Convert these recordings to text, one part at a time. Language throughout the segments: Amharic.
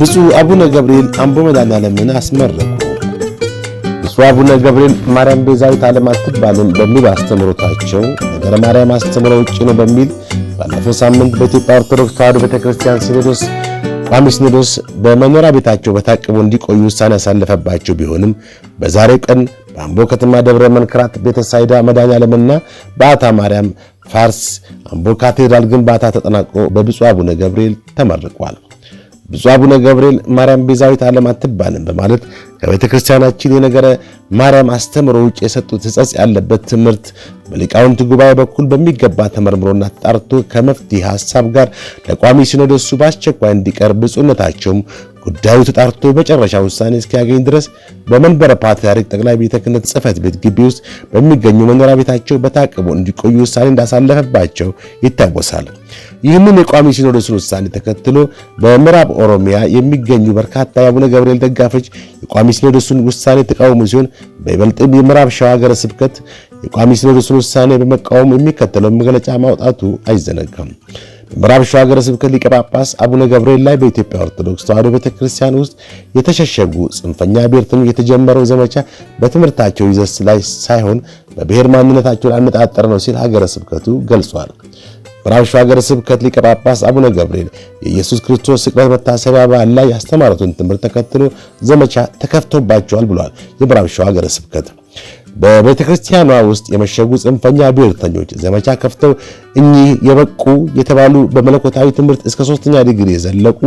ብፁዕ አቡነ ገብርኤል አምቦ መድኃኔዓለምን አስመረቁ። ብፁዕ አቡነ ገብርኤል ማርያም ቤዛዊት ዓለም አትባልም በሚል አስተምሮታቸው ነገረ ማርያም አስተምሮ ውጭ ነው በሚል ባለፈው ሳምንት በኢትዮጵያ ኦርቶዶክስ ተዋሕዶ ቤተክርስቲያን ሲኖዶስ ቋሚ ሲኖዶስ በመኖሪያ ቤታቸው በታቅቦ እንዲቆዩ ውሳኔ ያሳለፈባቸው ቢሆንም በዛሬው ቀን በአምቦ ከተማ ደብረ መንክራት ቤተሳይዳ መድኃኔዓለምና በአታ ማርያም ፋርስ አምቦ ካቴድራል ግንባታ ተጠናቆ በብፁዕ አቡነ ገብርኤል ተመርቋል። ብፁዕ አቡነ ገብርኤል ማርያም ቤዛዊት ዓለም አትባልም በማለት ከቤተ ክርስቲያናችን የነገረ ማርያም አስተምሮ ውጭ የሰጡት ሕጸጽ ያለበት ትምህርት በሊቃውንት ጉባኤ በኩል በሚገባ ተመርምሮና ተጣርቶ ከመፍትሄ ሐሳብ ጋር ለቋሚ ሲኖዶሱ በአስቸኳይ እንዲቀርብ ብፁዕነታቸውም ጉዳዩ ተጣርቶ መጨረሻ ውሳኔ እስኪያገኝ ድረስ በመንበረ ፓትርያርክ ጠቅላይ ቤተ ክህነት ጽሕፈት ቤት ግቢ ውስጥ በሚገኙ መኖሪያ ቤታቸው በታቅቦ እንዲቆዩ ውሳኔ እንዳሳለፈባቸው ይታወሳል። ይህንን የቋሚ ሲኖዶስን ውሳኔ ተከትሎ በምዕራብ ኦሮሚያ የሚገኙ በርካታ የአቡነ ገብርኤል ደጋፎች የቋሚ ሲኖዶስን ውሳኔ ተቃውሞ ሲሆን በይበልጥም የምዕራብ ሸዋ ሀገረ ስብከት የቋሚ ሲኖዶስን ውሳኔ በመቃወም የሚከተለው መግለጫ ማውጣቱ አይዘነጋም። በምዕራብ ሸዋ ሀገረ ስብከት ሊቀ ጳጳስ አቡነ ገብርኤል ላይ በኢትዮጵያ ኦርቶዶክስ ተዋሕዶ ቤተክርስቲያን ውስጥ የተሸሸጉ ጽንፈኛ ብሔርተኞች የተጀመረው ዘመቻ በትምህርታቸው ይዘት ላይ ሳይሆን በብሔር ማንነታቸው ላይ አነጣጠረ ነው ሲል ሀገረ ስብከቱ ገልጿል። ምዕራብ ሸዋ ሀገረ ስብከት ሊቀ ጳጳስ አቡነ ገብርኤል የኢየሱስ ክርስቶስ ስቅለት መታሰቢያ በዓል ላይ ያስተማሩትን ትምህርት ተከትሎ ዘመቻ ተከፍቶባቸዋል ብሏል። የምዕራብ ሸዋ ሀገረ ስብከት በቤተ ክርስቲያኗ ውስጥ የመሸጉ ጽንፈኛ ብሔርተኞች ዘመቻ ከፍተው እኚህ የበቁ የተባሉ በመለኮታዊ ትምህርት እስከ ሶስተኛ ዲግሪ የዘለቁ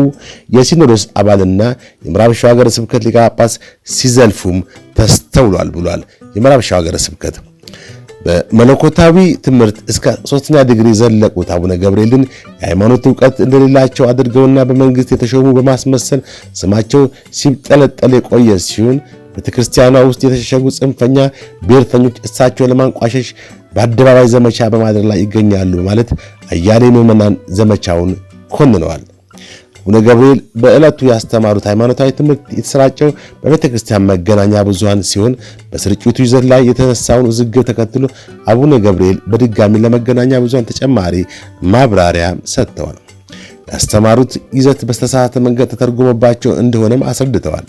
የሲኖዶስ አባልና የምዕራብ ሸዋ ሀገረ ስብከት ሊቀ ጳጳስ ሲዘልፉም ተስተውሏል ብሏል። የምዕራብ ሸዋ ሀገረ ስብከት በመለኮታዊ ትምህርት እስከ ሶስተኛ ዲግሪ ዘለቁት አቡነ ገብርኤልን የሃይማኖት እውቀት እንደሌላቸው አድርገውና በመንግስት የተሾሙ በማስመሰል ስማቸው ሲጠለጠል የቆየ ሲሆን ቤተ ውስጥ የተሸሸጉ ጽንፈኛ ብሔርተኞች እሳቸውን ለማንቋሸሽ በአደባባይ ዘመቻ በማድረግ ላይ ይገኛሉ በማለት አያሌ ምዕመናን ዘመቻውን ኮንነዋል። አቡነ ገብርኤል በዕለቱ ያስተማሩት ሃይማኖታዊ ትምህርት የተሰራጨው በቤተ ክርስቲያን መገናኛ ብዙሃን ሲሆን በስርጭቱ ይዘት ላይ የተነሳውን ውዝግብ ተከትሎ አቡነ ገብርኤል በድጋሚ ለመገናኛ ብዙሃን ተጨማሪ ማብራሪያ ሰጥተዋል። ያስተማሩት ይዘት በስተሳተ መንገድ ተተርጎመባቸው እንደሆነም አስረድተዋል።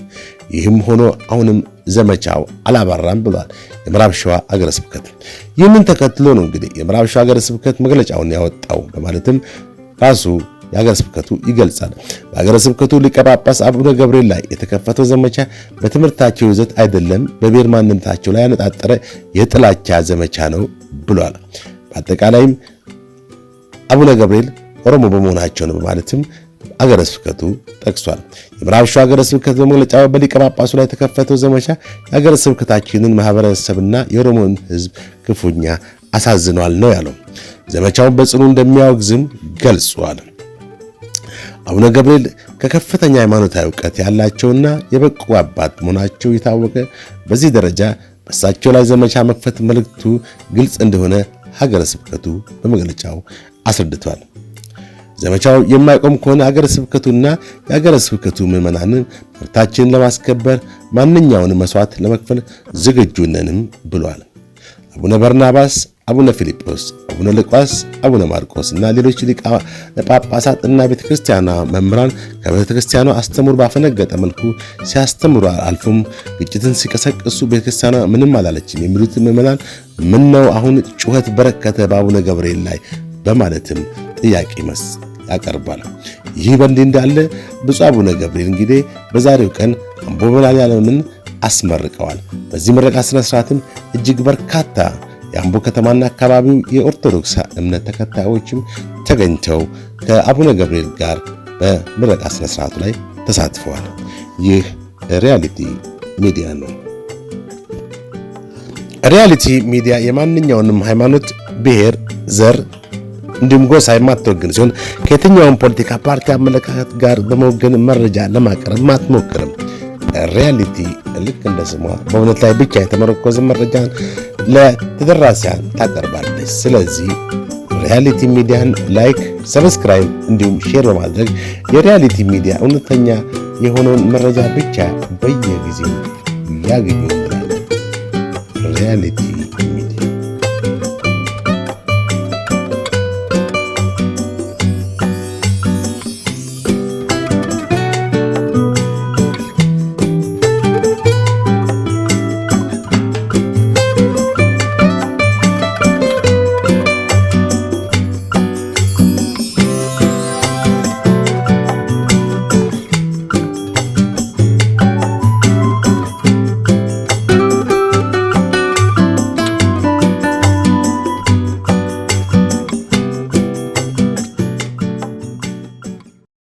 ይህም ሆኖ አሁንም ዘመቻው አላባራም ብሏል የምዕራብ ሸዋ አገረ ስብከት። ይህንን ተከትሎ ነው እንግዲህ የምዕራብ ሸዋ አገረ ስብከት መግለጫውን ያወጣው በማለትም ራሱ የአገረ ስብከቱ ይገልጻል። በሀገረ ስብከቱ ሊቀ ጳጳስ አቡነ ገብርኤል ላይ የተከፈተው ዘመቻ በትምህርታቸው ይዘት አይደለም፣ በብሔር ማንነታቸው ላይ ያነጣጠረ የጥላቻ ዘመቻ ነው ብሏል። በአጠቃላይም አቡነ ገብርኤል ኦሮሞ በመሆናቸው ነው በማለትም አገረ ስብከቱ ጠቅሷል። የምዕራብ ሸዋ አገረ ስብከት በመግለጫ በሊቀ ጳጳሱ ላይ የተከፈተው ዘመቻ የአገረ ስብከታችንን ማህበረሰብና የኦሮሞን ሕዝብ ክፉኛ አሳዝኗል ነው ያለው። ዘመቻውን በጽኑ እንደሚያወግዝም ገልጿል። አቡነ ገብርኤል ከከፍተኛ ሃይማኖታዊ እውቀት ያላቸውና የበቁ አባት መሆናቸው የታወቀ በዚህ ደረጃ በእሳቸው ላይ ዘመቻ መክፈት መልእክቱ ግልጽ እንደሆነ ሀገረ ስብከቱ በመግለጫው አስረድቷል። ዘመቻው የማይቆም ከሆነ ሀገረ ስብከቱና የሀገረ ስብከቱ ምዕመናንን መብታችንን ለማስከበር ማንኛውንም መስዋዕት ለመክፈል ዝግጁ ነንም ብሏል። አቡነ በርናባስ፣ አቡነ ፊልጶስ፣ አቡነ ሉቃስ፣ አቡነ ማርቆስ እና ሌሎች ሊቃነ ጳጳሳት እና ቤተ ክርስቲያኗ መምህራን ከቤተ ክርስቲያኗ አስተምሩ ባፈነገጠ መልኩ ሲያስተምሩ አልፉም ግጭትን ሲቀሰቅሱ ቤተ ክርስቲያኗ ምንም አላለችም የሚሉት ምዕመናን ምን ነው አሁን ጩኸት በረከተ በአቡነ ገብርኤል ላይ በማለትም ጥያቄ መስ ያቀርባል። ይህ በእንዲህ እንዳለ ብፁዕ አቡነ ገብርኤል እንግዲህ በዛሬው ቀን አምቦ መድኃኔዓለምን አስመርቀዋል። በዚህ ምረቃ ስነ ስርዓትም እጅግ በርካታ የአምቦ ከተማና አካባቢው የኦርቶዶክስ እምነት ተከታዮችም ተገኝተው ከአቡነ ገብርኤል ጋር በምረቃ ስነ ስርዓቱ ላይ ተሳትፈዋል። ይህ ሪያሊቲ ሚዲያ ነው። ሪያሊቲ ሚዲያ የማንኛውንም ሃይማኖት፣ ብሔር፣ ዘር እንዲሁም ጎሳ የማትወግን ሲሆን ከየትኛውም ፖለቲካ ፓርቲ አመለካከት ጋር በመወገን መረጃ ለማቅረብ አትሞክርም። ሪያሊቲ ልክ እንደ ስሟ በእውነት ላይ ብቻ የተመረኮዘ መረጃን ለተደራሲያን ታቀርባለች። ስለዚህ ሪያሊቲ ሚዲያን ላይክ፣ ሰብስክራይብ እንዲሁም ሼር በማድረግ የሪያሊቲ ሚዲያ እውነተኛ የሆነውን መረጃ ብቻ በየጊዜው ያገኙ። ሪያሊቲ